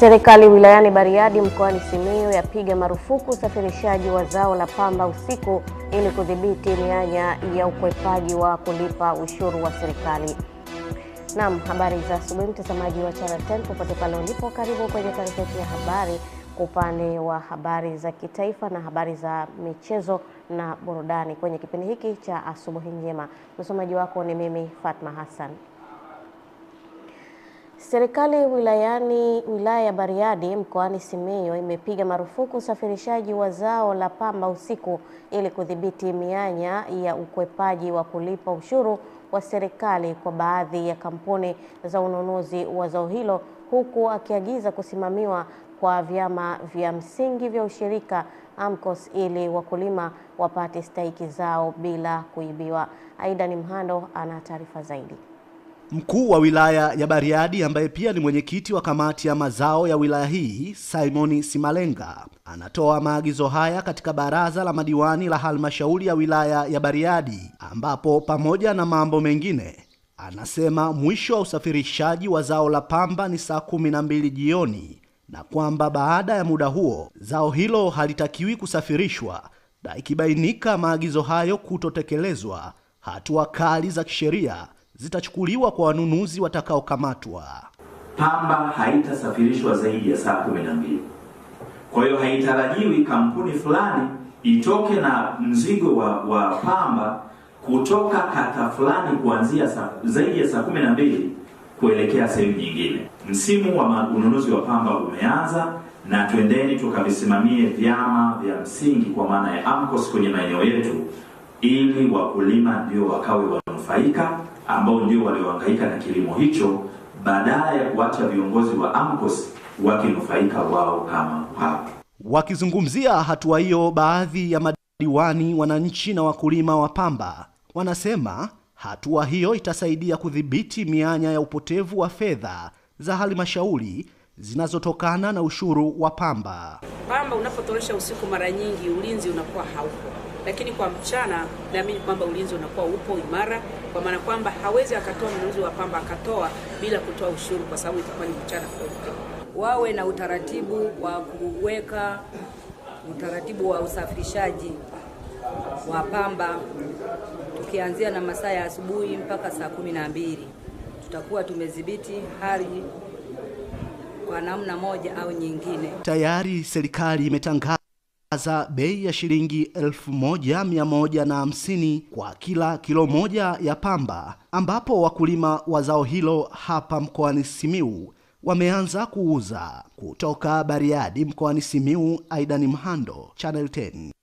Serikali wilayani Bariadi mkoani Simiyu yapiga marufuku usafirishaji wa zao la pamba usiku ili kudhibiti mianya ya ukwepaji wa kulipa ushuru wa serikali. Naam, habari za asubuhi mtazamaji wa Channel 10 popote pale ulipo, karibu kwenye taarifa ya habari kwa upande wa habari za kitaifa na habari za michezo na burudani kwenye kipindi hiki cha asubuhi njema. Msomaji wako ni mimi Fatma Hassan. Serikali wilayani wilaya ya Bariadi mkoani Simiyu imepiga marufuku usafirishaji wa zao la pamba usiku ili kudhibiti mianya ya ukwepaji wa kulipa ushuru wa serikali kwa baadhi ya kampuni za ununuzi wa zao hilo, huku akiagiza kusimamiwa kwa vyama vya msingi vya ushirika AMCOS ili wakulima wapate stahiki zao bila kuibiwa. Aida ni Mhando ana taarifa zaidi. Mkuu wa wilaya ya Bariadi ambaye pia ni mwenyekiti wa kamati ya mazao ya wilaya hii Simon Simalenga anatoa maagizo haya katika baraza la madiwani la halmashauri ya wilaya ya Bariadi ambapo pamoja na mambo mengine anasema mwisho wa usafirishaji wa zao la pamba ni saa kumi na mbili jioni na kwamba baada ya muda huo zao hilo halitakiwi kusafirishwa na ikibainika maagizo hayo kutotekelezwa, hatua kali za kisheria zitachukuliwa kwa wanunuzi watakaokamatwa. Pamba haitasafirishwa zaidi ya saa 12. Kwa hiyo haitarajiwi kampuni fulani itoke na mzigo wa, wa pamba kutoka kata fulani kuanzia zaidi ya saa 12 kuelekea sehemu nyingine. Msimu wa ununuzi wa pamba umeanza na twendeni tukavisimamie vyama vya msingi kwa maana ya AMCOS kwenye maeneo yetu ili wakulima ndio wakawe wa wanufaika ambao ndio waliohangaika na kilimo hicho badala ya kuacha viongozi wa AMCOS wakinufaika wao kama wao. Wakizungumzia hatua hiyo, baadhi ya madiwani, wananchi na wakulima wa pamba wanasema hatua hiyo itasaidia kudhibiti mianya ya upotevu wa fedha za halmashauri zinazotokana na ushuru wa pamba. Pamba unapotoresha usiku, mara nyingi ulinzi unakuwa haupo lakini kwa mchana naamini kwamba ulinzi unakuwa upo imara, kwa maana kwamba hawezi akatoa mnunuzi wa pamba akatoa bila kutoa ushuru, kwa sababu itakuwa ni mchana kote Wawe na utaratibu wa kuweka utaratibu wa usafirishaji wa pamba, tukianzia na masaa ya asubuhi mpaka saa kumi na mbili tutakuwa tumedhibiti hali kwa namna moja au nyingine. Tayari serikali imetangaza za bei ya shilingi elfu moja mia moja na hamsini kwa kila kilo moja ya pamba, ambapo wakulima wa zao hilo hapa mkoani Simiu wameanza kuuza. Kutoka Bariadi mkoani Simiu, Aidan Mhando, Channel 10.